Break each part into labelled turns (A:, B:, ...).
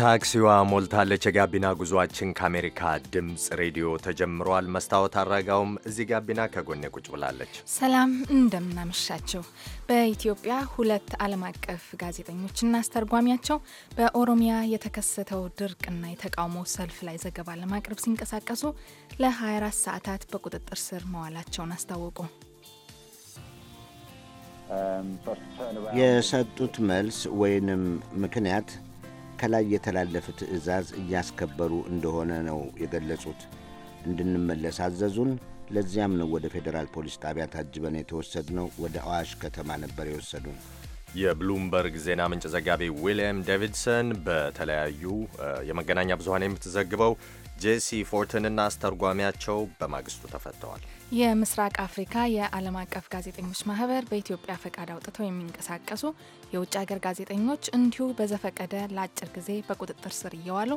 A: ታክሲዋ ሞልታለች። የጋቢና ጉዟችን ከአሜሪካ ድምፅ ሬዲዮ ተጀምሯል። መስታወት አረጋውም እዚህ ጋቢና ከጎኔ ቁጭ ብላለች።
B: ሰላም እንደምናመሻቸው። በኢትዮጵያ ሁለት ዓለም አቀፍ ጋዜጠኞችና አስተርጓሚያቸው በኦሮሚያ የተከሰተው ድርቅና የተቃውሞ ሰልፍ ላይ ዘገባ ለማቅረብ ሲንቀሳቀሱ ለ24 ሰዓታት በቁጥጥር ስር መዋላቸውን አስታወቁ።
C: የሰጡት
D: መልስ ወይንም ምክንያት ከላይ የተላለፈ ትዕዛዝ እያስከበሩ እንደሆነ ነው የገለጹት። እንድንመለስ አዘዙን። ለዚያም ነው ወደ ፌዴራል ፖሊስ ጣቢያ ታጅበን የተወሰድነው። ወደ አዋሽ ከተማ ነበር የወሰዱን።
A: የብሉምበርግ ዜና ምንጭ ዘጋቢ ዊልያም ዴቪድሰን በተለያዩ የመገናኛ ብዙኃን የምትዘግበው ጄሲ ፎርትንና አስተርጓሚያቸው በማግስቱ ተፈተዋል።
B: የምስራቅ አፍሪካ የዓለም አቀፍ ጋዜጠኞች ማህበር በኢትዮጵያ ፈቃድ አውጥተው የሚንቀሳቀሱ የውጭ ሀገር ጋዜጠኞች እንዲሁ በዘፈቀደ ለአጭር ጊዜ በቁጥጥር ስር እየዋሉ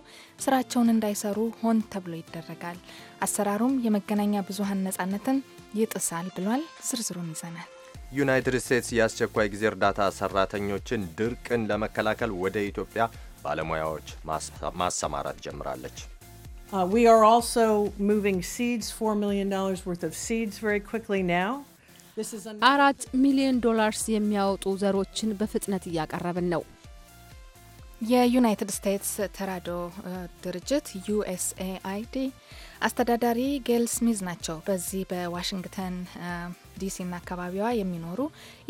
B: ስራቸውን እንዳይሰሩ ሆን ተብሎ ይደረጋል። አሰራሩም የመገናኛ ብዙሀን ነጻነትን ይጥሳል ብሏል። ዝርዝሩን ይዘናል።
A: ዩናይትድ ስቴትስ የአስቸኳይ ጊዜ እርዳታ ሰራተኞችን ድርቅን ለመከላከል ወደ ኢትዮጵያ ባለሙያዎች ማሰማራት ጀምራለች።
E: Uh, we are also moving seeds, $4 million worth of seeds very quickly now. አራት ሚሊዮን ዶላርስ የሚያወጡ ዘሮችን በፍጥነት እያቀረብን
B: ነው። የዩናይትድ ስቴትስ ተራድኦ ድርጅት ዩኤስኤአይዲ አስተዳዳሪ ጌል ስሚዝ ናቸው። በዚህ በዋሽንግተን ዲሲና አካባቢዋ የሚኖሩ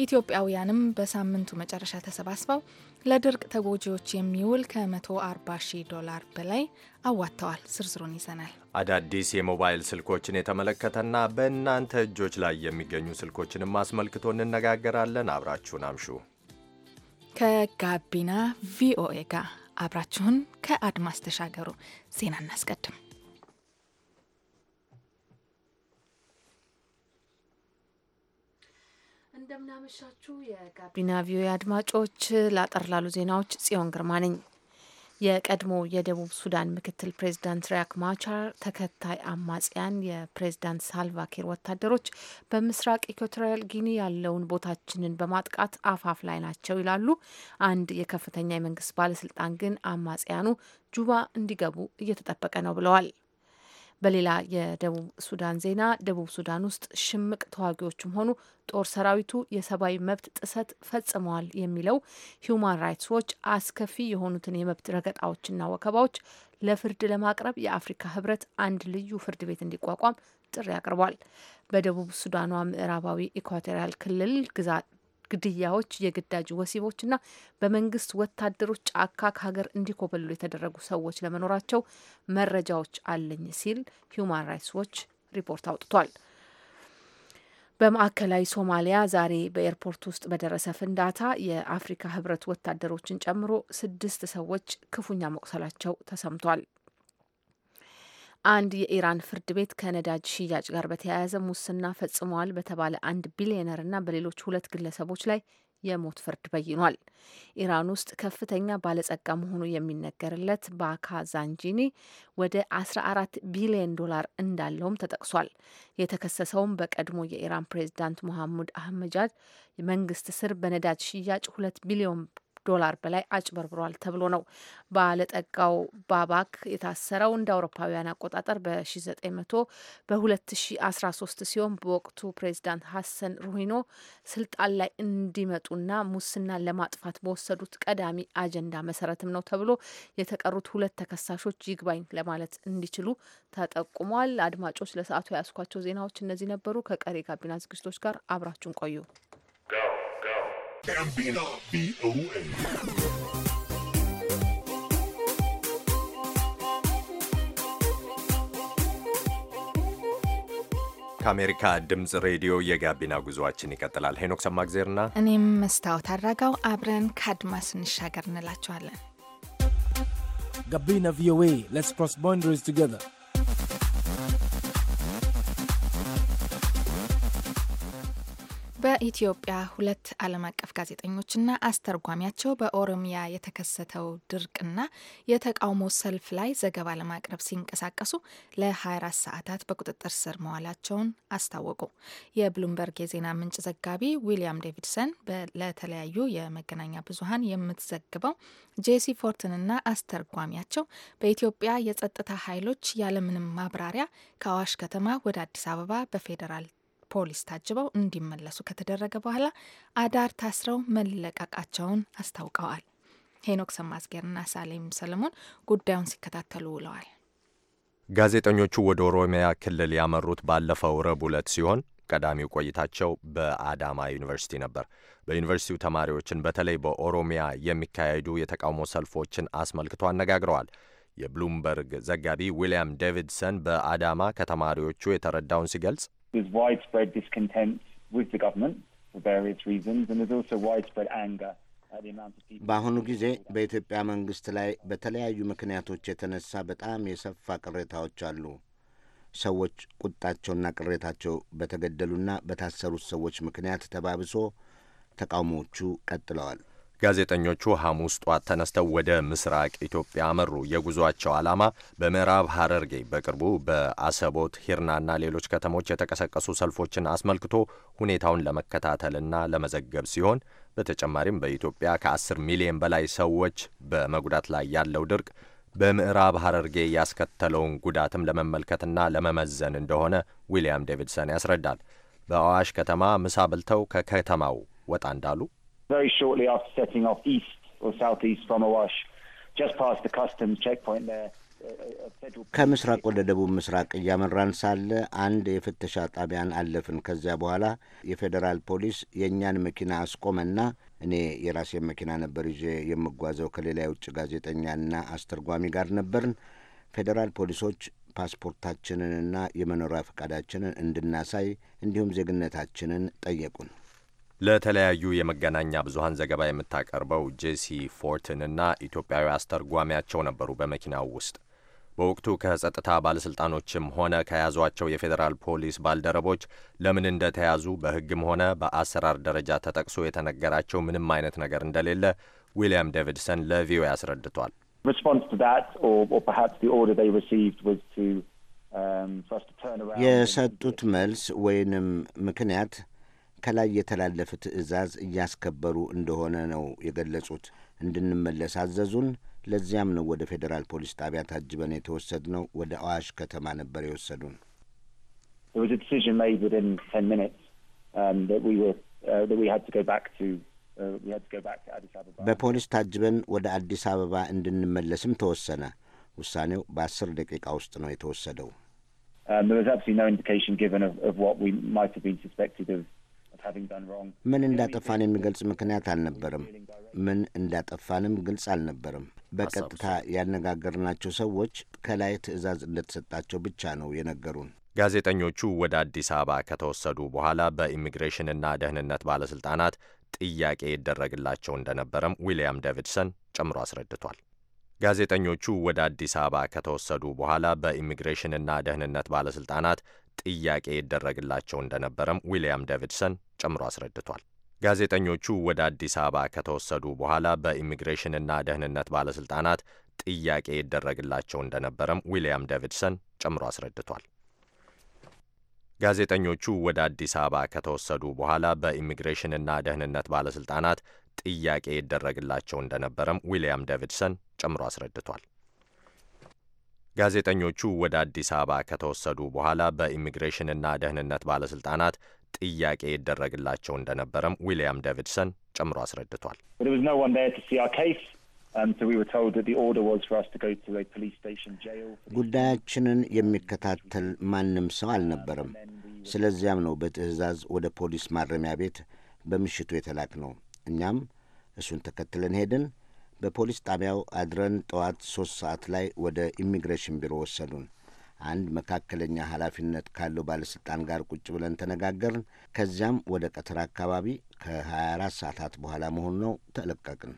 B: ኢትዮጵያውያንም በሳምንቱ መጨረሻ ተሰባስበው ለድርቅ ተጎጂዎች የሚውል ከ140 ሺህ ዶላር በላይ አዋጥተዋል። ዝርዝሩን ይዘናል።
A: አዳዲስ የሞባይል ስልኮችን የተመለከተና በእናንተ እጆች ላይ የሚገኙ ስልኮችንም አስመልክቶ እንነጋገራለን። አብራችሁን አምሹ።
B: ከጋቢና ቪኦኤ ጋር አብራችሁን ከአድማስ ተሻገሩ። ዜና እናስቀድም።
F: እንደምናመሻችሁ የጋቢና ቪኦኤ አድማጮች፣ ላጠር ላሉ ዜናዎች ጽዮን ግርማ ነኝ። የቀድሞ የደቡብ ሱዳን ምክትል ፕሬዚዳንት ሪያክ ማቻር ተከታይ አማጽያን የፕሬዚዳንት ሳልቫኪር ወታደሮች በምስራቅ ኢኳቶሪያል ጊኒ ያለውን ቦታችንን በማጥቃት አፋፍ ላይ ናቸው ይላሉ። አንድ የከፍተኛ የመንግስት ባለስልጣን ግን አማጽያኑ ጁባ እንዲገቡ እየተጠበቀ ነው ብለዋል። በሌላ የደቡብ ሱዳን ዜና ደቡብ ሱዳን ውስጥ ሽምቅ ተዋጊዎችም ሆኑ ጦር ሰራዊቱ የሰብአዊ መብት ጥሰት ፈጽመዋል የሚለው ሂዩማን ራይትስ ዎች አስከፊ የሆኑትን የመብት ረገጣዎችና ወከባዎች ለፍርድ ለማቅረብ የአፍሪካ ህብረት አንድ ልዩ ፍርድ ቤት እንዲቋቋም ጥሪ አቅርቧል። በደቡብ ሱዳኗ ምዕራባዊ ኢኳቶሪያል ክልል ግዛት ግድያዎች፣ የግዳጅ ወሲቦችና በመንግስት ወታደሮች ጫካ ከሀገር እንዲኮበልሉ የተደረጉ ሰዎች ለመኖራቸው መረጃዎች አለኝ ሲል ሂዩማን ራይትስ ዎች ሪፖርት አውጥቷል። በማዕከላዊ ሶማሊያ ዛሬ በኤርፖርት ውስጥ በደረሰ ፍንዳታ የአፍሪካ ህብረት ወታደሮችን ጨምሮ ስድስት ሰዎች ክፉኛ መቁሰላቸው ተሰምቷል። አንድ የኢራን ፍርድ ቤት ከነዳጅ ሽያጭ ጋር በተያያዘ ሙስና ፈጽመዋል በተባለ አንድ ቢሊዮነርና በሌሎች ሁለት ግለሰቦች ላይ የሞት ፍርድ በይኗል። ኢራን ውስጥ ከፍተኛ ባለጸጋ መሆኑ የሚነገርለት ባካ ዛንጂኒ ወደ 14 ቢሊዮን ዶላር እንዳለውም ተጠቅሷል። የተከሰሰውም በቀድሞ የኢራን ፕሬዚዳንት ሞሐሙድ አህመጃድ መንግስት ስር በነዳጅ ሽያጭ ሁለት ቢሊዮን ዶላር በላይ አጭበርብሯል ተብሎ ነው ባለጠጋው ባባክ የታሰረው እንደ አውሮፓውያን አቆጣጠር በ1900 በ2013 ሲሆን በወቅቱ ፕሬዚዳንት ሀሰን ሩሂኖ ስልጣን ላይ እንዲመጡና ሙስናን ለማጥፋት በወሰዱት ቀዳሚ አጀንዳ መሰረትም ነው ተብሎ የተቀሩት ሁለት ተከሳሾች ይግባኝ ለማለት እንዲችሉ ተጠቁሟል። አድማጮች ለሰዓቱ ያስኳቸው ዜናዎች እነዚህ ነበሩ። ከቀሪ ጋቢና ዝግጅቶች ጋር አብራችሁን ቆዩ።
C: ጋቢና BOA.
A: ከአሜሪካ ድምፅ ሬዲዮ የጋቢና ጉዞአችን ይቀጥላል። ሄኖክ ሰማግዜርና
B: እኔም መስታወት አድራጋው አብረን ከአድማስ እንሻገር እንላቸዋለን። ጋቢና ቪኦኤ ስ ክሮስ ባውንደሪስ ቱገር በኢትዮጵያ ሁለት ዓለም አቀፍ ጋዜጠኞችና አስተርጓሚያቸው በኦሮሚያ የተከሰተው ድርቅና የተቃውሞ ሰልፍ ላይ ዘገባ ለማቅረብ ሲንቀሳቀሱ ለ24 ሰዓታት በቁጥጥር ስር መዋላቸውን አስታወቁ። የብሉምበርግ የዜና ምንጭ ዘጋቢ ዊሊያም ዴቪድሰን ለተለያዩ የመገናኛ ብዙሀን የምትዘግበው ጄሲ ፎርትንና አስተርጓሚያቸው በኢትዮጵያ የጸጥታ ኃይሎች ያለምንም ማብራሪያ ከአዋሽ ከተማ ወደ አዲስ አበባ በፌዴራል ፖሊስ ታጅበው እንዲመለሱ ከተደረገ በኋላ አዳር ታስረው መለቀቃቸውን አስታውቀዋል። ሄኖክ ሰማዝጌርና ሳሌም ሰለሞን ጉዳዩን ሲከታተሉ ውለዋል።
A: ጋዜጠኞቹ ወደ ኦሮሚያ ክልል ያመሩት ባለፈው ረቡዕ ዕለት ሲሆን ቀዳሚው ቆይታቸው በአዳማ ዩኒቨርሲቲ ነበር። በዩኒቨርሲቲው ተማሪዎችን በተለይ በኦሮሚያ የሚካሄዱ የተቃውሞ ሰልፎችን አስመልክቶ አነጋግረዋል። የብሉምበርግ ዘጋቢ ዊልያም ዴቪድሰን በአዳማ ከተማሪዎቹ የተረዳውን ሲገልጽ
C: There's widespread discontent with the government for various reasons, and there's also widespread anger. በአሁኑ
D: ጊዜ በኢትዮጵያ መንግስት ላይ በተለያዩ ምክንያቶች የተነሳ በጣም የሰፋ ቅሬታዎች አሉ። ሰዎች ቁጣቸውና ቅሬታቸው በተገደሉና በታሰሩት ሰዎች ምክንያት ተባብሶ ተቃውሞዎቹ ቀጥለዋል። ጋዜጠኞቹ
A: ሐሙስ ጧት ተነስተው ወደ ምስራቅ ኢትዮጵያ አመሩ። የጉዞአቸው ዓላማ በምዕራብ ሐረርጌ በቅርቡ በአሰቦት ሂርናና ሌሎች ከተሞች የተቀሰቀሱ ሰልፎችን አስመልክቶ ሁኔታውን ለመከታተልና ለመዘገብ ሲሆን በተጨማሪም በኢትዮጵያ ከ10 ሚሊዮን በላይ ሰዎች በመጉዳት ላይ ያለው ድርቅ በምዕራብ ሐረርጌ ያስከተለውን ጉዳትም ለመመልከትና ለመመዘን እንደሆነ ዊልያም ዴቪድሰን ያስረዳል። በአዋሽ ከተማ ምሳ በልተው ከከተማው ወጣ እንዳሉ
C: very shortly after setting off east or southeast from Awash, just past the customs checkpoint there. Uh, uh,
D: ከምስራቅ ወደ ደቡብ ምስራቅ እያመራን ሳለ አንድ የፍተሻ ጣቢያን አለፍን። ከዚያ በኋላ የፌዴራል ፖሊስ የእኛን መኪና አስቆመና እኔ የራሴን መኪና ነበር ይዤ የምጓዘው ከሌላ የውጭ ጋዜጠኛና አስተርጓሚ ጋር ነበርን። ፌዴራል ፖሊሶች ፓስፖርታችንንና የመኖሪያ ፈቃዳችንን እንድናሳይ እንዲሁም ዜግነታችንን ጠየቁን።
A: ለተለያዩ የመገናኛ ብዙሀን ዘገባ የምታቀርበው ጄሲ ፎርትን እና ኢትዮጵያዊ አስተርጓሚያቸው ነበሩ በመኪናው ውስጥ። በወቅቱ ከጸጥታ ባለሥልጣኖችም ሆነ ከያዟቸው የፌዴራል ፖሊስ ባልደረቦች ለምን እንደተያዙ በሕግም ሆነ በአሰራር ደረጃ ተጠቅሶ የተነገራቸው ምንም አይነት ነገር እንደሌለ ዊልያም ዴቪድሰን ለቪኦኤ አስረድቷል።
C: um,
D: የሰጡት መልስ ወይንም ምክንያት ከላይ የተላለፈ ትዕዛዝ እያስከበሩ እንደሆነ ነው የገለጹት። እንድንመለስ አዘዙን። ለዚያም ነው ወደ ፌዴራል ፖሊስ ጣቢያ ታጅበን የተወሰድነው። ወደ አዋሽ ከተማ ነበር የወሰዱን። um,
C: uh, uh,
D: በፖሊስ ታጅበን ወደ አዲስ አበባ እንድንመለስም ተወሰነ። ውሳኔው በአስር ደቂቃ ውስጥ ነው የተወሰደው።
C: um,
D: ምን እንዳጠፋን የሚገልጽ ምክንያት አልነበርም። ምን እንዳጠፋንም ግልጽ አልነበርም። በቀጥታ ያነጋገርናቸው ሰዎች ከላይ ትዕዛዝ እንደተሰጣቸው ብቻ ነው የነገሩን።
A: ጋዜጠኞቹ ወደ አዲስ አበባ ከተወሰዱ በኋላ በኢሚግሬሽንና ደህንነት ባለሥልጣናት ጥያቄ ይደረግላቸው እንደነበረም ዊልያም ዴቪድሰን ጨምሮ አስረድቷል። ጋዜጠኞቹ ወደ አዲስ አበባ ከተወሰዱ በኋላ በኢሚግሬሽንና ደህንነት ባለሥልጣናት ጥያቄ ይደረግላቸው እንደነበረም ዊልያም ዴቪድሰን ጨምሮ አስረድቷል። ጋዜጠኞቹ ወደ አዲስ አበባ ከተወሰዱ በኋላ በኢሚግሬሽንና ደህንነት ባለሥልጣናት ጥያቄ ይደረግላቸው እንደነበረም ዊልያም ዴቪድሰን ጨምሮ አስረድቷል። ጋዜጠኞቹ ወደ አዲስ አበባ ከተወሰዱ በኋላ በኢሚግሬሽንና ደህንነት ባለሥልጣናት ጥያቄ ይደረግላቸው እንደነበረም ዊልያም ዴቪድሰን ጨምሮ አስረድቷል። ጋዜጠኞቹ ወደ አዲስ አበባ ከተወሰዱ በኋላ በኢሚግሬሽንና ደህንነት ባለስልጣናት ጥያቄ ይደረግላቸው እንደነበረም ዊልያም ዴቪድሰን ጨምሮ አስረድቷል።
C: um,
D: ጉዳያችንን የሚከታተል ማንም ሰው አልነበረም። ስለዚያም ነው በትዕዛዝ ወደ ፖሊስ ማረሚያ ቤት በምሽቱ የተላክ ነው። እኛም እሱን ተከትለን ሄድን። በፖሊስ ጣቢያው አድረን ጠዋት ሶስት ሰዓት ላይ ወደ ኢሚግሬሽን ቢሮ ወሰዱን። አንድ መካከለኛ ኃላፊነት ካለው ባለሥልጣን ጋር ቁጭ ብለን ተነጋገርን። ከዚያም ወደ ቀትር አካባቢ ከ24 ሰዓታት በኋላ መሆኑ ነው ተለቀቅን።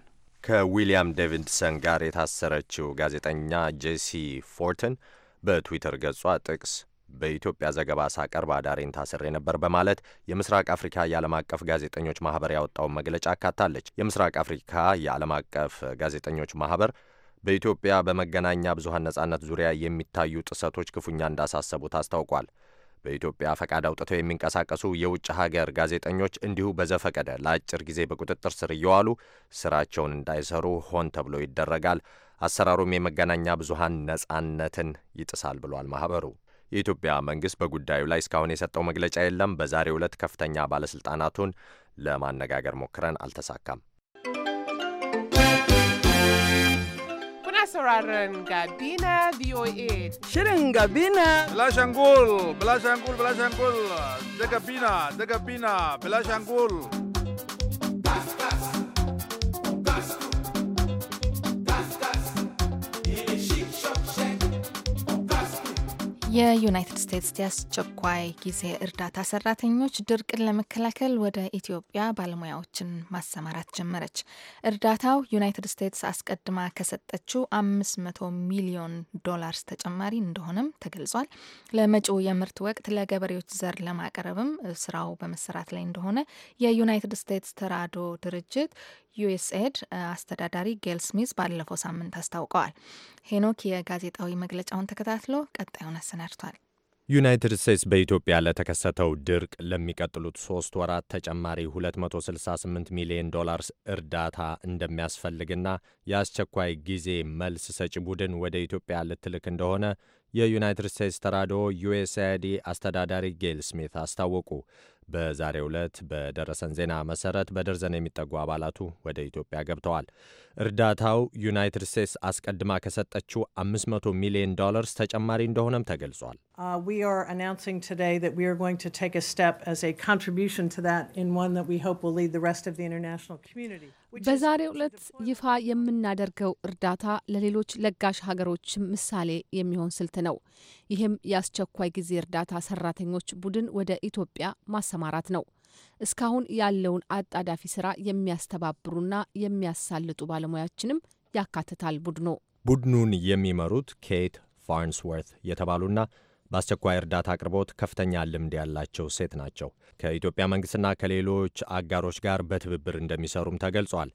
A: ከዊሊያም ዴቪድሰን ጋር የታሰረችው ጋዜጠኛ ጄሲ ፎርተን በትዊተር ገጿ ጥቅስ በኢትዮጵያ ዘገባ ሳቀርብ አዳሬን ታስሬ ነበር በማለት የምስራቅ አፍሪካ የዓለም አቀፍ ጋዜጠኞች ማህበር ያወጣውን መግለጫ አካታለች። የምስራቅ አፍሪካ የዓለም አቀፍ ጋዜጠኞች ማህበር በኢትዮጵያ በመገናኛ ብዙሀን ነጻነት ዙሪያ የሚታዩ ጥሰቶች ክፉኛ እንዳሳሰቡት አስታውቋል። በኢትዮጵያ ፈቃድ አውጥተው የሚንቀሳቀሱ የውጭ ሀገር ጋዜጠኞች እንዲሁ በዘፈቀደ ለአጭር ጊዜ በቁጥጥር ስር እየዋሉ ስራቸውን እንዳይሰሩ ሆን ተብሎ ይደረጋል። አሰራሩም የመገናኛ ብዙሀን ነጻነትን ይጥሳል ብሏል ማህበሩ። የኢትዮጵያ መንግስት በጉዳዩ ላይ እስካሁን የሰጠው መግለጫ የለም። በዛሬ ዕለት ከፍተኛ ባለስልጣናቱን ለማነጋገር ሞክረን አልተሳካም።
G: ሽርን
H: ጋቢና
B: የዩናይትድ ስቴትስ የአስቸኳይ ጊዜ እርዳታ ሰራተኞች ድርቅን ለመከላከል ወደ ኢትዮጵያ ባለሙያዎችን ማሰማራት ጀመረች። እርዳታው ዩናይትድ ስቴትስ አስቀድማ ከሰጠችው መቶ ሚሊዮን ዶላርስ ተጨማሪ እንደሆነም ተገልጿል። ለመጪው የምርት ወቅት ለገበሬዎች ዘር ለማቅረብም ስራው በመሰራት ላይ እንደሆነ የዩናይትድ ስቴትስ ተራድኦ ድርጅት ዩኤስኤድ አስተዳዳሪ ጌል ስሚዝ ባለፈው ሳምንት አስታውቀዋል። ሄኖክ የጋዜጣዊ መግለጫውን ተከታትሎ ቀጣዩን አሰናል ተሰናድቷል።
A: ዩናይትድ ስቴትስ በኢትዮጵያ ለተከሰተው ድርቅ ለሚቀጥሉት ሶስት ወራት ተጨማሪ 268 ሚሊዮን ዶላርስ እርዳታ እንደሚያስፈልግና የአስቸኳይ ጊዜ መልስ ሰጪ ቡድን ወደ ኢትዮጵያ ልትልክ እንደሆነ የዩናይትድ ስቴትስ ተራድኦ ዩኤስአይዲ አስተዳዳሪ ጌል ስሚት አስታወቁ። በዛሬው ዕለት በደረሰን ዜና መሰረት በደርዘን የሚጠጉ አባላቱ ወደ ኢትዮጵያ ገብተዋል። እርዳታው ዩናይትድ ስቴትስ አስቀድማ ከሰጠችው 500 ሚሊዮን ዶላርስ ተጨማሪ እንደሆነም ተገልጿል።
E: uh, በዛሬ ዕለት ይፋ
F: የምናደርገው እርዳታ ለሌሎች ለጋሽ ሀገሮች ምሳሌ የሚሆን ስልት ነው። ይህም የአስቸኳይ ጊዜ እርዳታ ሰራተኞች ቡድን ወደ ኢትዮጵያ ማሰማራት ነው። እስካሁን ያለውን አጣዳፊ ስራ የሚያስተባብሩና የሚያሳልጡ ባለሙያችንም ያካትታል ቡድኑ።
A: ቡድኑን የሚመሩት ኬት ፋርንስወርት የተባሉና በአስቸኳይ እርዳታ አቅርቦት ከፍተኛ ልምድ ያላቸው ሴት ናቸው። ከኢትዮጵያ መንግስትና ከሌሎች አጋሮች ጋር በትብብር እንደሚሰሩም ተገልጿል።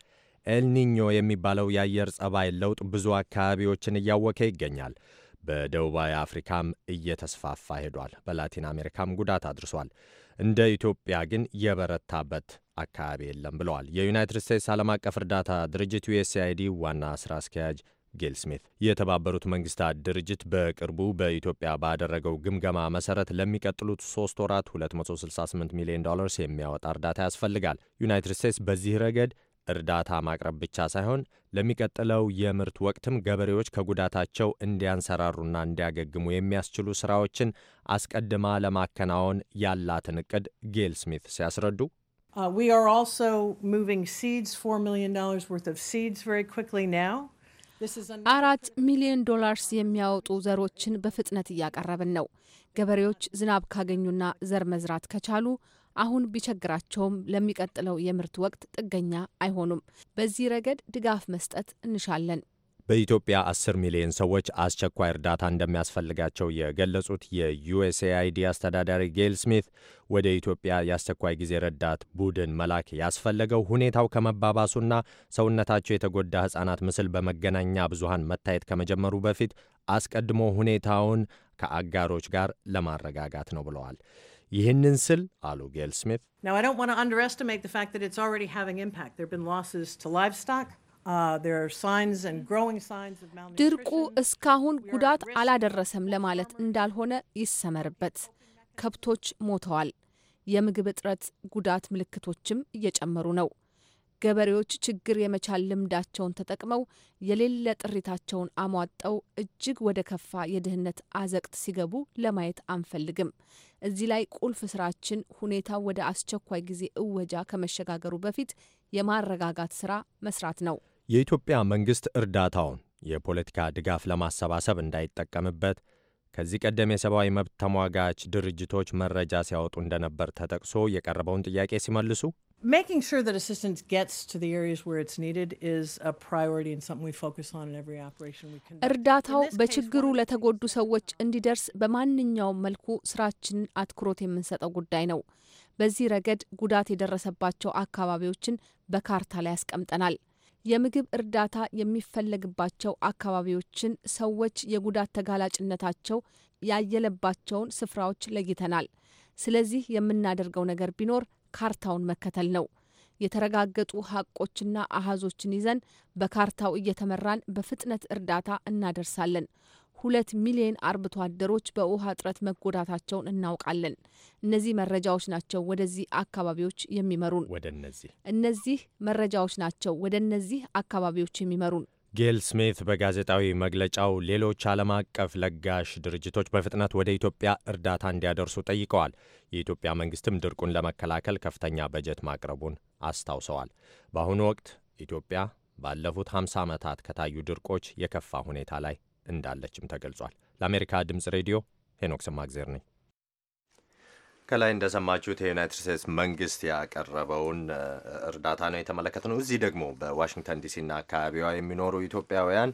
A: ኤልኒኞ የሚባለው የአየር ጸባይ ለውጥ ብዙ አካባቢዎችን እያወከ ይገኛል። በደቡባዊ አፍሪካም እየተስፋፋ ሄዷል። በላቲን አሜሪካም ጉዳት አድርሷል። እንደ ኢትዮጵያ ግን የበረታበት አካባቢ የለም ብለዋል የዩናይትድ ስቴትስ ዓለም አቀፍ እርዳታ ድርጅት ዩኤስአይዲ ዋና ስራ አስኪያጅ ጌል ስሚት የተባበሩት መንግስታት ድርጅት በቅርቡ በኢትዮጵያ ባደረገው ግምገማ መሰረት ለሚቀጥሉት ሶስት ወራት 268 ሚሊዮን ዶላርስ የሚያወጣ እርዳታ ያስፈልጋል። ዩናይትድ ስቴትስ በዚህ ረገድ እርዳታ ማቅረብ ብቻ ሳይሆን ለሚቀጥለው የምርት ወቅትም ገበሬዎች ከጉዳታቸው እንዲያንሰራሩና እንዲያገግሙ የሚያስችሉ ስራዎችን አስቀድማ ለማከናወን ያላትን እቅድ ጌል ስሚት ሲያስረዱ
E: uh, we are also moving seeds, $4 million worth of seeds very quickly now. አራት
F: ሚሊዮን ዶላርስ የሚያወጡ ዘሮችን በፍጥነት እያቀረብን ነው። ገበሬዎች ዝናብ ካገኙና ዘር መዝራት ከቻሉ አሁን ቢቸግራቸውም ለሚቀጥለው የምርት ወቅት ጥገኛ አይሆኑም። በዚህ ረገድ ድጋፍ መስጠት እንሻለን።
A: በኢትዮጵያ 10 ሚሊዮን ሰዎች አስቸኳይ እርዳታ እንደሚያስፈልጋቸው የገለጹት የዩኤስኤአይዲ አስተዳዳሪ ጌል ስሚት ወደ ኢትዮጵያ የአስቸኳይ ጊዜ ረዳት ቡድን መላክ ያስፈለገው ሁኔታው ከመባባሱና ሰውነታቸው የተጎዳ ሕጻናት ምስል በመገናኛ ብዙሃን መታየት ከመጀመሩ በፊት አስቀድሞ ሁኔታውን ከአጋሮች ጋር ለማረጋጋት ነው ብለዋል። ይህንን ስል አሉ ጌል ስሚት
E: Uh,
F: ድርቁ እስካሁን ጉዳት አላደረሰም ለማለት እንዳልሆነ ይሰመርበት። ከብቶች ሞተዋል። የምግብ እጥረት ጉዳት ምልክቶችም እየጨመሩ ነው። ገበሬዎች ችግር የመቻል ልምዳቸውን ተጠቅመው የሌለ ጥሪታቸውን አሟጠው እጅግ ወደ ከፋ የድህነት አዘቅት ሲገቡ ለማየት አንፈልግም። እዚህ ላይ ቁልፍ ስራችን ሁኔታው ወደ አስቸኳይ ጊዜ እወጃ ከመሸጋገሩ በፊት የማረጋጋት ስራ መስራት
A: ነው። የኢትዮጵያ መንግሥት እርዳታውን የፖለቲካ ድጋፍ ለማሰባሰብ እንዳይጠቀምበት ከዚህ ቀደም የሰብአዊ መብት ተሟጋች ድርጅቶች መረጃ ሲያወጡ እንደነበር ተጠቅሶ የቀረበውን ጥያቄ ሲመልሱ
E: እርዳታው
F: በችግሩ ለተጎዱ ሰዎች እንዲደርስ በማንኛውም መልኩ ስራችንን አትኩሮት የምንሰጠው ጉዳይ ነው። በዚህ ረገድ ጉዳት የደረሰባቸው አካባቢዎችን በካርታ ላይ ያስቀምጠናል። የምግብ እርዳታ የሚፈለግባቸው አካባቢዎችን፣ ሰዎች የጉዳት ተጋላጭነታቸው ያየለባቸውን ስፍራዎች ለይተናል። ስለዚህ የምናደርገው ነገር ቢኖር ካርታውን መከተል ነው። የተረጋገጡ ሀቆችና አሃዞችን ይዘን በካርታው እየተመራን በፍጥነት እርዳታ እናደርሳለን። ሁለት ሚሊዮን አርብቶ አደሮች በውሃ እጥረት መጎዳታቸውን እናውቃለን። እነዚህ መረጃዎች ናቸው ወደዚህ አካባቢዎች የሚመሩን። ወደ እነዚህ እነዚህ መረጃዎች ናቸው ወደ እነዚህ አካባቢዎች የሚመሩን።
A: ጌል ስሚት በጋዜጣዊ መግለጫው ሌሎች ዓለም አቀፍ ለጋሽ ድርጅቶች በፍጥነት ወደ ኢትዮጵያ እርዳታ እንዲያደርሱ ጠይቀዋል። የኢትዮጵያ መንግስትም ድርቁን ለመከላከል ከፍተኛ በጀት ማቅረቡን አስታውሰዋል። በአሁኑ ወቅት ኢትዮጵያ ባለፉት 50 ዓመታት ከታዩ ድርቆች የከፋ ሁኔታ ላይ እንዳለችም ተገልጿል። ለአሜሪካ ድምፅ ሬዲዮ ሄኖክ ሰማግዜር ነኝ። ከላይ እንደሰማችሁት የዩናይትድ ስቴትስ መንግስት ያቀረበውን እርዳታ ነው ነው። እዚህ ደግሞ በዋሽንግተን ዲሲና አካባቢዋ የሚኖሩ ኢትዮጵያውያን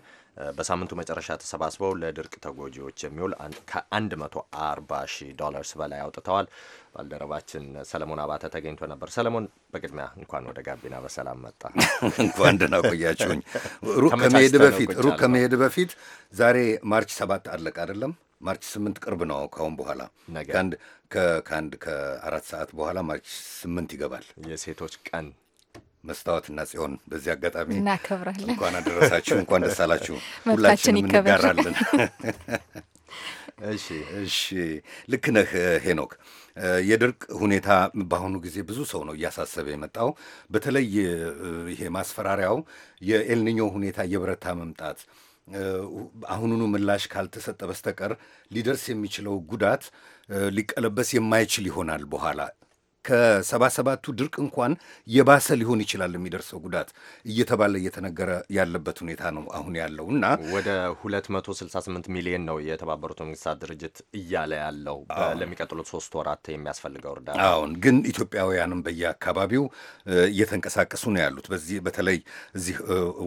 A: በሳምንቱ መጨረሻ ተሰባስበው ለድርቅ ተጎጂዎች የሚውል መቶ አርባ ሺህ ዶላርስ በላይ አውጥተዋል። ባልደረባችን ሰለሞን አባተ ተገኝቶ ነበር። ሰለሞን፣ በቅድሚያ እንኳን ወደ ጋቢና በሰላም መጣ።
H: እንኳን ደህና ቆያችሁኝ። ሩቅ ከመሄድ በፊት ሩቅ ከመሄድ በፊት ዛሬ ማርች ሰባት አለቅ አይደለም ማርች ስምንት ቅርብ ነው። ከአሁን በኋላ ከአንድ ከአራት ሰዓት በኋላ ማርች ስምንት ይገባል የሴቶች ቀን መስታወትና ጽዮን በዚህ አጋጣሚ እናከብራለን። እንኳን አደረሳችሁ፣ እንኳን ደስ አላችሁ። እንጋራለን። እሺ እሺ፣ ልክ ነህ ሄኖክ። የድርቅ ሁኔታ በአሁኑ ጊዜ ብዙ ሰው ነው እያሳሰበ የመጣው። በተለይ ይሄ ማስፈራሪያው የኤልኒኞ ሁኔታ የብረታ መምጣት አሁኑኑ ምላሽ ካልተሰጠ በስተቀር ሊደርስ የሚችለው ጉዳት ሊቀለበስ የማይችል ይሆናል በኋላ ከሰባ ሰባቱ ድርቅ እንኳን የባሰ ሊሆን ይችላል የሚደርሰው ጉዳት እየተባለ እየተነገረ ያለበት ሁኔታ ነው አሁን ያለው እና
A: ወደ 268 ሚሊዮን ነው የተባበሩት መንግስታት ድርጅት እያለ ያለው ለሚቀጥሉት ሶስት ወራት የሚያስፈልገው እርዳታ። አሁን
H: ግን ኢትዮጵያውያንም በየአካባቢው እየተንቀሳቀሱ ነው ያሉት። በዚህ በተለይ እዚህ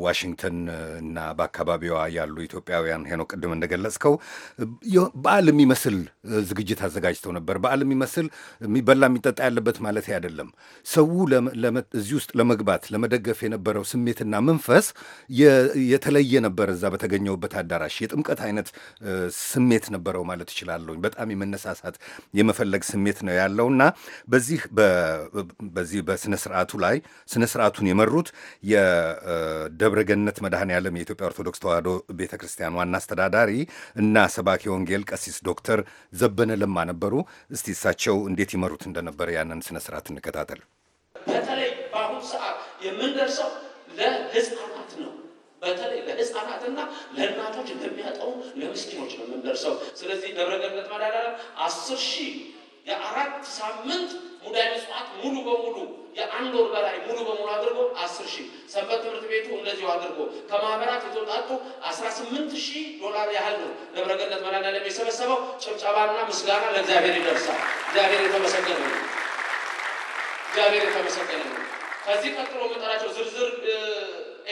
H: ዋሽንግተን እና በአካባቢዋ ያሉ ኢትዮጵያውያን ሄኖ ቅድም እንደገለጽከው በዓል የሚመስል ዝግጅት አዘጋጅተው ነበር። በዓል የሚመስል የሚበላ የሚጠጣ ያለበት አለበት ማለት አይደለም። ሰው እዚህ ውስጥ ለመግባት ለመደገፍ የነበረው ስሜትና መንፈስ የተለየ ነበር። እዛ በተገኘውበት አዳራሽ የጥምቀት አይነት ስሜት ነበረው ማለት እችላለሁ። በጣም የመነሳሳት የመፈለግ ስሜት ነው ያለውና በዚህ በዚህ በስነ ስርዓቱ ላይ ስነ ስርዓቱን የመሩት የደብረገነት መድኃኔ ዓለም የኢትዮጵያ ኦርቶዶክስ ተዋህዶ ቤተ ክርስቲያን ዋና አስተዳዳሪ እና ሰባኪ ወንጌል ቀሲስ ዶክተር ዘበነ ለማ ነበሩ። እስቲ እሳቸው እንዴት ይመሩት እንደነበረ ያንን የምስጋናን ስነ ስርዓት እንከታተል።
I: በተለይ በአሁኑ ሰዓት የምንደርሰው ለህፃናት ነው። በተለይ ለህፃናትና ለእናቶች ለሚያጠው ለምስኪኖች ነው የምንደርሰው። ስለዚህ ደብረገነት መድኃኔዓለም አስር ሺህ የአራት ሳምንት ሙዳይ ምጽዋት ሙሉ በሙሉ የአንድ ወር በላይ ሙሉ በሙሉ አድርጎ አስር ሺህ ሰንበት ትምህርት ቤቱ እንደዚሁ አድርጎ ከማህበራት የተወጣጡ አስራ ስምንት ሺህ ዶላር ያህል ነው ደብረገነት መድኃኔዓለም የሰበሰበው። ጭብጨባና ምስጋና ለእግዚአብሔር ይደርሳል። እግዚአብሔር የተመሰገነ ነው። እግዚአብሔር የተመሰገነ ነው። ከዚህ ቀጥሎ መጠራቸው ዝርዝር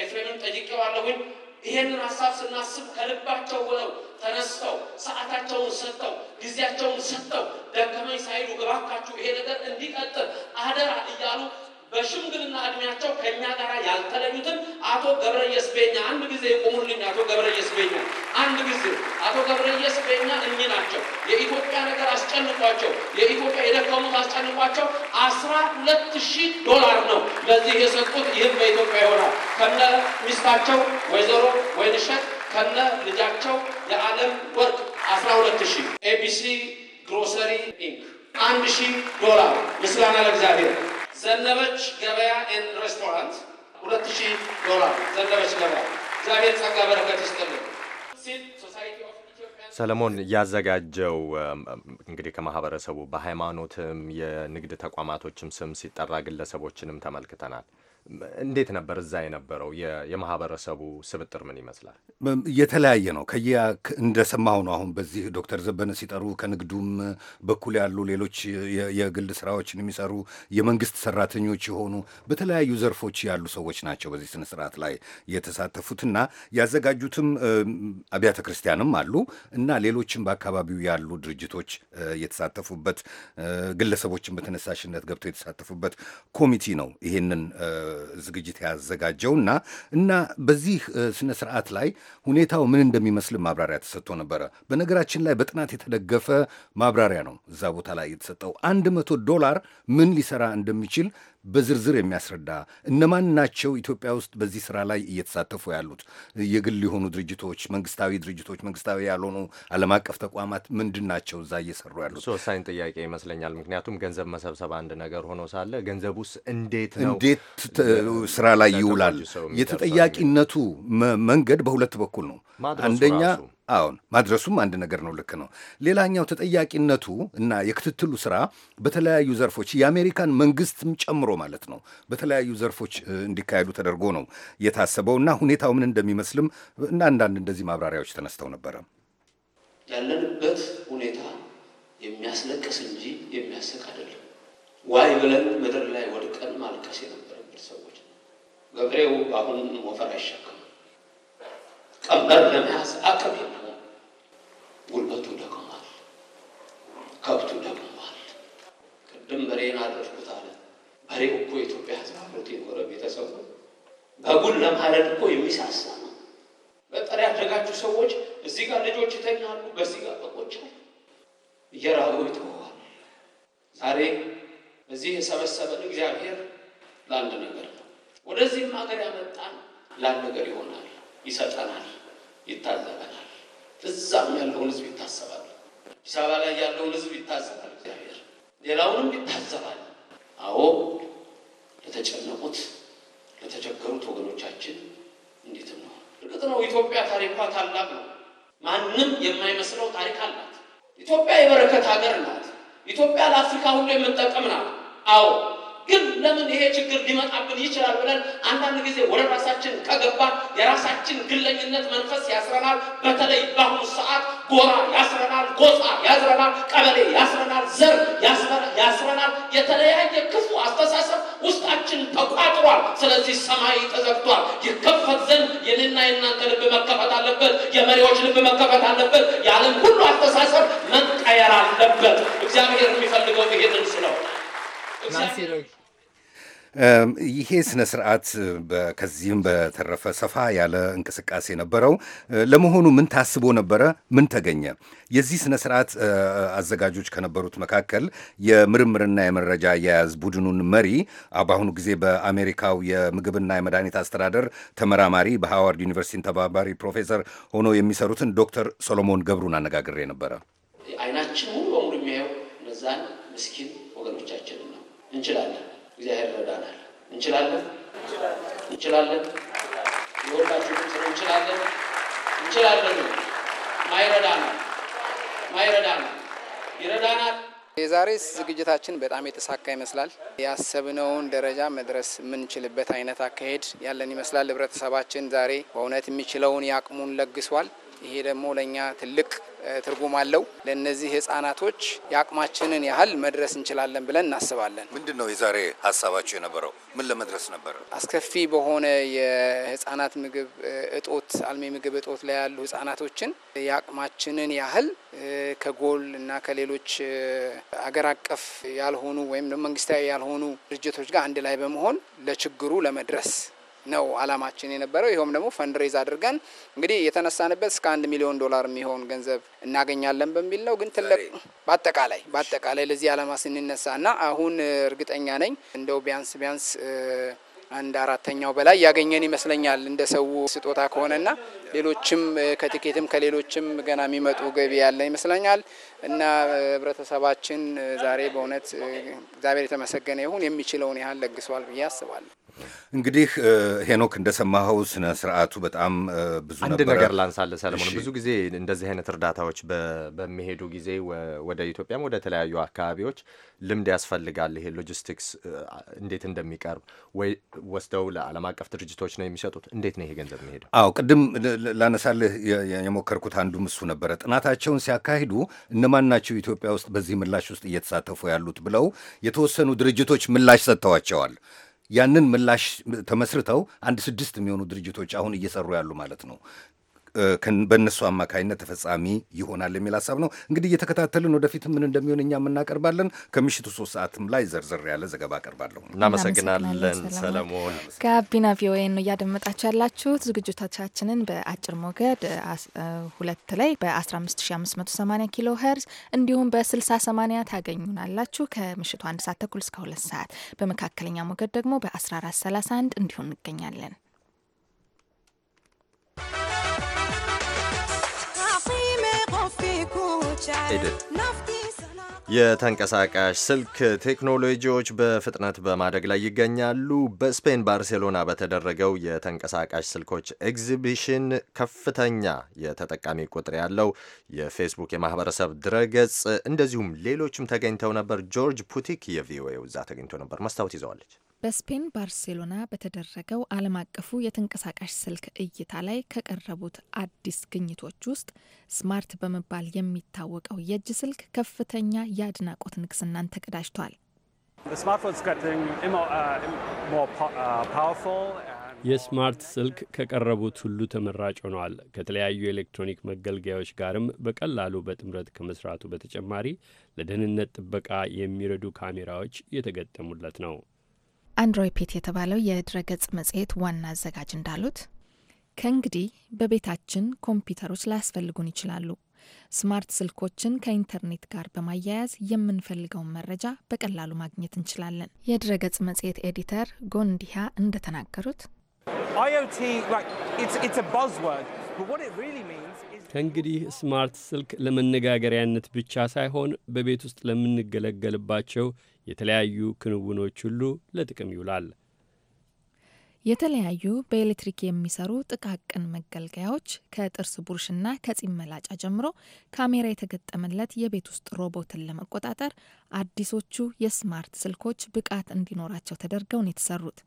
I: ኤፍሬምን ጠይቄዋለሁኝ። ይሄንን ሀሳብ ስናስብ ከልባቸው ሆነው ተነስተው ሰዓታቸውን ሰጥተው ጊዜያቸውን ሰጥተው ደከመኝ ሳይሉ እባካችሁ ይሄ ነገር እንዲቀጥል አደራ እያሉ በሽምግልና እድሜያቸው ከእኛ ጋር ያልተለዩትን አቶ ገብረየስ ቤኛ አንድ ጊዜ ይቆሙልኝ። አቶ ገብረየስ ቤኛ አንድ ጊዜ አቶ ገብረየስ ቤኛ እኚህ ናቸው። የኢትዮጵያ ነገር አስጨንቋቸው፣ የኢትዮጵያ የደከሙት አስጨንቋቸው። አስራ ሁለት ሺህ ዶላር ነው ለዚህ የሰጡት። ይህም በኢትዮጵያ ይሆናል ከነ ሚስታቸው ወይዘሮ ወይንሸት ከነ ልጃቸው የዓለም ወርቅ አስራ ሁለት ሺህ ኤቢሲ ግሮሰሪ ኢንክ አንድ ሺህ ዶላር ምስጋና ለእግዚአብሔር ዘነበች ገበያ ኤንድ ሬስቶራንት ሁለት ሺህ ዶላር ዘነበች ገበያ። እግዚአብሔር ጸጋ
E: በረከት ይስጥልን።
A: ሰለሞን ያዘጋጀው እንግዲህ ከማህበረሰቡ በሃይማኖትም የንግድ ተቋማቶችም ስም ሲጠራ ግለሰቦችንም ተመልክተናል። እንዴት ነበር እዛ የነበረው የማህበረሰቡ ስብጥር ምን ይመስላል?
H: የተለያየ ነው። ከያ እንደሰማሁ ነው። አሁን በዚህ ዶክተር ዘበነ ሲጠሩ ከንግዱም በኩል ያሉ ሌሎች የግል ስራዎችን የሚሰሩ የመንግስት ሰራተኞች የሆኑ በተለያዩ ዘርፎች ያሉ ሰዎች ናቸው በዚህ ስነ ስርዓት ላይ የተሳተፉትና ያዘጋጁትም አብያተ ክርስቲያንም አሉ እና ሌሎችም በአካባቢው ያሉ ድርጅቶች የተሳተፉበት ግለሰቦችን በተነሳሽነት ገብተው የተሳተፉበት ኮሚቲ ነው ይሄንን ዝግጅት ያዘጋጀውና እና በዚህ ስነ ስርዓት ላይ ሁኔታው ምን እንደሚመስል ማብራሪያ ተሰጥቶ ነበረ። በነገራችን ላይ በጥናት የተደገፈ ማብራሪያ ነው እዛ ቦታ ላይ የተሰጠው። አንድ መቶ ዶላር ምን ሊሰራ እንደሚችል በዝርዝር የሚያስረዳ እነማን ናቸው ኢትዮጵያ ውስጥ በዚህ ስራ ላይ እየተሳተፉ ያሉት የግል የሆኑ ድርጅቶች፣ መንግስታዊ ድርጅቶች፣ መንግስታዊ ያልሆኑ ዓለም አቀፍ ተቋማት ምንድን ናቸው እዛ እየሰሩ ያሉት?
A: እሱ ወሳኝ ጥያቄ ይመስለኛል። ምክንያቱም ገንዘብ መሰብሰብ አንድ ነገር ሆኖ ሳለ ገንዘቡስ እንዴት ነው እንዴት ስራ ላይ ይውላል? የተጠያቂነቱ
H: መንገድ በሁለት በኩል ነው። አንደኛ አሁን ማድረሱም አንድ ነገር ነው። ልክ ነው። ሌላኛው ተጠያቂነቱ እና የክትትሉ ስራ በተለያዩ ዘርፎች የአሜሪካን መንግስትም ጨምሮ ማለት ነው በተለያዩ ዘርፎች እንዲካሄዱ ተደርጎ ነው የታሰበው እና ሁኔታው ምን እንደሚመስልም እና አንዳንድ እንደዚህ ማብራሪያዎች ተነስተው ነበረ።
I: ያለንበት ሁኔታ የሚያስለቅስ እንጂ የሚያስቅ አይደለም። ዋይ ብለን ምድር ላይ ወድቀን ማልቀስ የነበረበት ሰዎች ገበሬው አሁን ሞፈር አይሻል ቀመር ለመያዝ አቅም የለውም። ጉልበቱ ደክሟል፣ ከብቱ
D: ደክሟል። ቅድም በሬን አደረግኩት አለ። በሬ እኮ የኢትዮጵያ ሕዝብ አብሮት የኖረ ቤተሰብ ነው። በጉን ለማረድ እኮ የሚሳሳ ነው። በጠር ያደጋችሁ ሰዎች እዚህ
I: ጋር ልጆች ይተኛሉ፣ በዚህ ጋር በቆች እየራቡ ይተዋል። ዛሬ እዚህ የሰበሰበን እግዚአብሔር ለአንድ ነገር ነው። ወደዚህም ሀገር ያመጣን ለአንድ ነገር ይሆናል፣ ይሰጠናል። ይታዘበናል። እዛም ያለውን ህዝብ ይታሰባል። አዲስ አበባ ላይ ያለውን ህዝብ ይታዘባል። እግዚአብሔር ሌላውንም ይታዘባል። አዎ ለተጨነቁት ለተቸገሩት ወገኖቻችን እንዴት ነው? እርግጥ ነው ኢትዮጵያ ታሪኳ ታላቅ ነው። ማንም የማይመስለው ታሪክ አላት። ኢትዮጵያ የበረከት ሀገር ናት። ኢትዮጵያ ለአፍሪካ ሁሉ የምንጠቀም ናት። አዎ ግን ለምን ይሄ ችግር ሊመጣብን ይችላል ብለን አንዳንድ ጊዜ ወደ ራሳችን ከገባ የራሳችን ግለኝነት መንፈስ ያስረናል። በተለይ በአሁኑ ሰዓት ጎራ ያስረናል፣ ጎሳ ያስረናል፣ ቀበሌ ያስረናል፣ ዘር ያስረናል። የተለያየ ክፉ አስተሳሰብ ውስጣችን ተቋጥሯል። ስለዚህ ሰማይ ተዘግቷል። ይከፈት ዘንድ የኔና የእናንተ ልብ መከፈት አለበት። የመሪዎች ልብ መከፈት አለበት። የዓለም ሁሉ አስተሳሰብ መቀየር አለበት። እግዚአብሔር የሚፈልገው ይሄንን ነው።
H: ይሄ ስነ ስርዓት ከዚህም በተረፈ ሰፋ ያለ እንቅስቃሴ ነበረው። ለመሆኑ ምን ታስቦ ነበረ? ምን ተገኘ? የዚህ ስነ ስርዓት አዘጋጆች ከነበሩት መካከል የምርምርና የመረጃ አያያዝ ቡድኑን መሪ በአሁኑ ጊዜ በአሜሪካው የምግብና የመድኃኒት አስተዳደር ተመራማሪ በሃዋርድ ዩኒቨርሲቲ ተባባሪ ፕሮፌሰር ሆኖ የሚሰሩትን ዶክተር ሶሎሞን ገብሩን አነጋግሬ ነበረ።
I: አይናችን ሙሉ በሙሉ የሚያየው እነዛን ምስኪን ወገኖቻችን ነው። እንችላለን እግዚአብሔር ይረዳናል። እንችላለን፣ እንችላለን። የሁላችሁም ስለ እንችላለን፣ እንችላለን። ማይረዳ ነው፣ ይረዳናል።
G: የዛሬ ዝግጅታችን በጣም የተሳካ ይመስላል። ያሰብነውን ደረጃ መድረስ የምንችልበት አይነት አካሄድ ያለን ይመስላል። ህብረተሰባችን ዛሬ በእውነት የሚችለውን ያቅሙን ለግሷል። ይሄ ደግሞ ለእኛ ትልቅ ትርጉም አለው። ለእነዚህ ህጻናቶች የአቅማችንን ያህል መድረስ እንችላለን ብለን እናስባለን።
H: ምንድን ነው የዛሬ ሀሳባቸው የነበረው? ምን ለመድረስ ነበረ?
G: አስከፊ በሆነ የህጻናት ምግብ እጦት፣ አልሚ ምግብ እጦት ላይ ያሉ ህጻናቶችን የአቅማችንን ያህል ከጎል እና ከሌሎች አገር አቀፍ ያልሆኑ ወይም መንግስታዊ ያልሆኑ ድርጅቶች ጋር አንድ ላይ በመሆን ለችግሩ ለመድረስ ነው አላማችን የነበረው። ይኸውም ደግሞ ፈንድሬዝ አድርገን እንግዲህ የተነሳንበት እስከ አንድ ሚሊዮን ዶላር የሚሆን ገንዘብ እናገኛለን በሚል ነው። ግን ትልቅ በአጠቃላይ በአጠቃላይ ለዚህ አላማ ስንነሳ እና አሁን እርግጠኛ ነኝ እንደው ቢያንስ ቢያንስ አንድ አራተኛው በላይ ያገኘን ይመስለኛል። እንደ ሰው ስጦታ ከሆነና ሌሎችም ከቲኬትም ከሌሎችም ገና የሚመጡ ገቢ ያለ ይመስለኛል እና ህብረተሰባችን ዛሬ በእውነት እግዚአብሔር የተመሰገነ ይሁን የሚችለውን ያህል ለግሷል ብዬ አስባለሁ።
H: እንግዲህ ሄኖክ እንደሰማኸው ስነ ስርዓቱ በጣም ብዙ አንድ ነገር ላንሳለ ሰለሞን፣ ብዙ
A: ጊዜ እንደዚህ አይነት እርዳታዎች በሚሄዱ ጊዜ ወደ ኢትዮጵያም ወደ ተለያዩ አካባቢዎች ልምድ ያስፈልጋል። ይሄ ሎጂስቲክስ እንዴት እንደሚቀርብ ወይ ወስደው ለዓለም አቀፍ ድርጅቶች ነው የሚሰጡት። እንዴት ነው ይሄ ገንዘብ የሚሄደው?
H: አዎ ቅድም ላነሳልህ የሞከርኩት አንዱም እሱ ነበረ። ጥናታቸውን ሲያካሂዱ እነማን ናቸው ኢትዮጵያ ውስጥ በዚህ ምላሽ ውስጥ እየተሳተፉ ያሉት ብለው የተወሰኑ ድርጅቶች ምላሽ ሰጥተዋቸዋል። ያንን ምላሽ ተመስርተው አንድ ስድስት የሚሆኑ ድርጅቶች አሁን እየሰሩ ያሉ ማለት ነው በእነሱ አማካኝነት ተፈጻሚ ይሆናል የሚል ሀሳብ ነው። እንግዲህ እየተከታተልን ወደፊት ምን እንደሚሆን እኛ እናቀርባለን። ከምሽቱ ሶስት ሰዓትም ላይ ዘርዘር ያለ ዘገባ አቀርባለሁ።
A: እናመሰግናለን ሰለሞን።
B: ጋቢና ቪኦኤ ነው እያደመጣችሁ ያላችሁት። ዝግጅቶቻችንን በአጭር ሞገድ ሁለት ላይ በ15580 ኪሎ ሄርዝ እንዲሁም በ6080 ታገኙናላችሁ ከምሽቱ አንድ ሰዓት ተኩል እስከ ሁለት ሰዓት በመካከለኛ ሞገድ ደግሞ በ1431 እንዲሁን እንገኛለን።
A: ኤድን የተንቀሳቃሽ ስልክ ቴክኖሎጂዎች በፍጥነት በማደግ ላይ ይገኛሉ። በስፔን ባርሴሎና በተደረገው የተንቀሳቃሽ ስልኮች ኤግዚቢሽን ከፍተኛ የተጠቃሚ ቁጥር ያለው የፌስቡክ የማህበረሰብ ድረገጽ እንደዚሁም ሌሎችም ተገኝተው ነበር። ጆርጅ ፑቲክ የቪኦኤ ውዛ ተገኝቶ ነበር። መስታወት ይዘዋለች።
B: በስፔን ባርሴሎና በተደረገው ዓለም አቀፉ የተንቀሳቃሽ ስልክ እይታ ላይ ከቀረቡት አዲስ ግኝቶች ውስጥ ስማርት በመባል የሚታወቀው የእጅ ስልክ ከፍተኛ የአድናቆት ንግስናን ተቀዳጅቷል።
J: የስማርት ስልክ ከቀረቡት ሁሉ ተመራጭ ሆኗል። ከተለያዩ የኤሌክትሮኒክ መገልገያዎች ጋርም በቀላሉ በጥምረት ከመስራቱ በተጨማሪ ለደህንነት ጥበቃ የሚረዱ ካሜራዎች እየተገጠሙለት ነው።
B: አንድሮይ ፔት የተባለው የድረገጽ መጽሔት ዋና አዘጋጅ እንዳሉት ከእንግዲህ በቤታችን ኮምፒውተሮች ላያስፈልጉን ይችላሉ። ስማርት ስልኮችን ከኢንተርኔት ጋር በማያያዝ የምንፈልገውን መረጃ በቀላሉ ማግኘት እንችላለን። የድረገጽ መጽሔት ኤዲተር ጎንዲሃ እንደተናገሩት
J: ከእንግዲህ ስማርት ስልክ ለመነጋገሪያነት ብቻ ሳይሆን በቤት ውስጥ ለምንገለገልባቸው የተለያዩ ክንውኖች ሁሉ ለጥቅም ይውላል።
B: የተለያዩ በኤሌክትሪክ የሚሰሩ ጥቃቅን መገልገያዎች ከጥርስ ብሩሽና ከጺም መላጫ ጀምሮ ካሜራ የተገጠመለት የቤት ውስጥ ሮቦትን ለመቆጣጠር አዲሶቹ የስማርት ስልኮች ብቃት እንዲኖራቸው ተደርገው ነው የተሰሩት።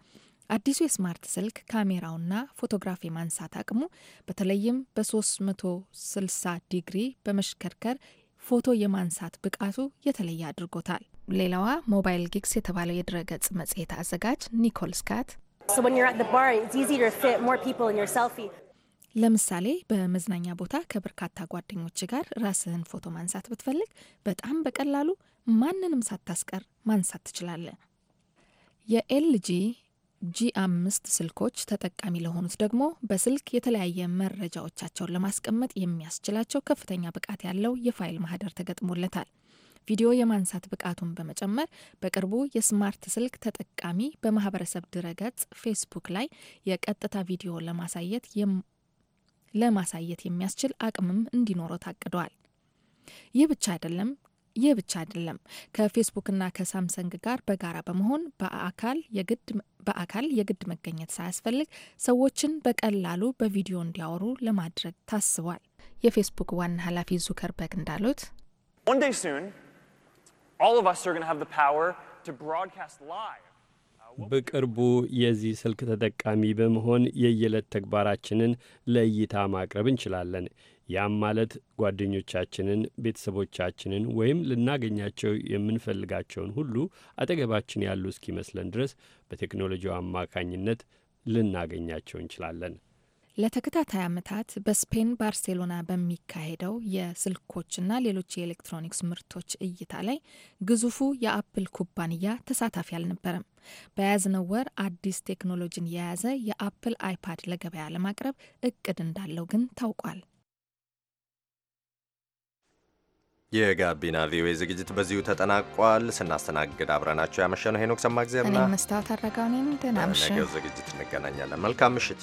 B: አዲሱ የስማርት ስልክ ካሜራውና ፎቶግራፍ የማንሳት አቅሙ በተለይም በ360 ዲግሪ በመሽከርከር ፎቶ የማንሳት ብቃቱ የተለየ አድርጎታል። ሌላዋ ሞባይል ጊግስ የተባለው የድረገጽ መጽሔት አዘጋጅ ኒኮል ስካት ለምሳሌ በመዝናኛ ቦታ ከበርካታ ጓደኞች ጋር ራስህን ፎቶ ማንሳት ብትፈልግ በጣም በቀላሉ ማንንም ሳታስቀር ማንሳት ትችላለህ። የኤልጂ ጂ አምስት ስልኮች ተጠቃሚ ለሆኑት ደግሞ በስልክ የተለያየ መረጃዎቻቸውን ለማስቀመጥ የሚያስችላቸው ከፍተኛ ብቃት ያለው የፋይል ማህደር ተገጥሞለታል። ቪዲዮ የማንሳት ብቃቱን በመጨመር በቅርቡ የስማርት ስልክ ተጠቃሚ በማህበረሰብ ድረገጽ ፌስቡክ ላይ የቀጥታ ቪዲዮ ለማሳየት ለማሳየት የሚያስችል አቅምም እንዲኖረው ታቅደዋል። ይህ ብቻ አይደለም። ይህ ብቻ አይደለም። ከፌስቡክና ከሳምሰንግ ጋር በጋራ በመሆን በአካል የግድ በአካል የግድ መገኘት ሳያስፈልግ ሰዎችን በቀላሉ በቪዲዮ እንዲያወሩ ለማድረግ ታስቧል። የፌስቡክ ዋና ኃላፊ ዙከርበርግ እንዳሉት
J: በቅርቡ የዚህ ስልክ ተጠቃሚ በመሆን የየዕለት ተግባራችንን ለእይታ ማቅረብ እንችላለን። ያም ማለት ጓደኞቻችንን፣ ቤተሰቦቻችንን ወይም ልናገኛቸው የምንፈልጋቸውን ሁሉ አጠገባችን ያሉ እስኪመስለን ድረስ በቴክኖሎጂው አማካኝነት ልናገኛቸው እንችላለን።
B: ለተከታታይ ዓመታት በስፔን ባርሴሎና በሚካሄደው የስልኮችና ሌሎች የኤሌክትሮኒክስ ምርቶች እይታ ላይ ግዙፉ የአፕል ኩባንያ ተሳታፊ አልነበረም። በያዝነው ወር አዲስ ቴክኖሎጂን የያዘ የአፕል አይፓድ ለገበያ ለማቅረብ እቅድ እንዳለው ግን ታውቋል።
A: የጋቢና ቪኦኤ ዝግጅት በዚሁ ተጠናቋል። ስናስተናግድ አብረናቸው ያመሸነው ሄኖክ ሰማእግዜርና እኔም
B: መስታወት አድረጋው ነኝ። ደህና ምሽት። ነገ
A: ዝግጅት እንገናኛለን። መልካም ምሽት።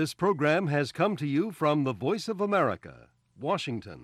H: This program has come to you from the Voice of America, Washington.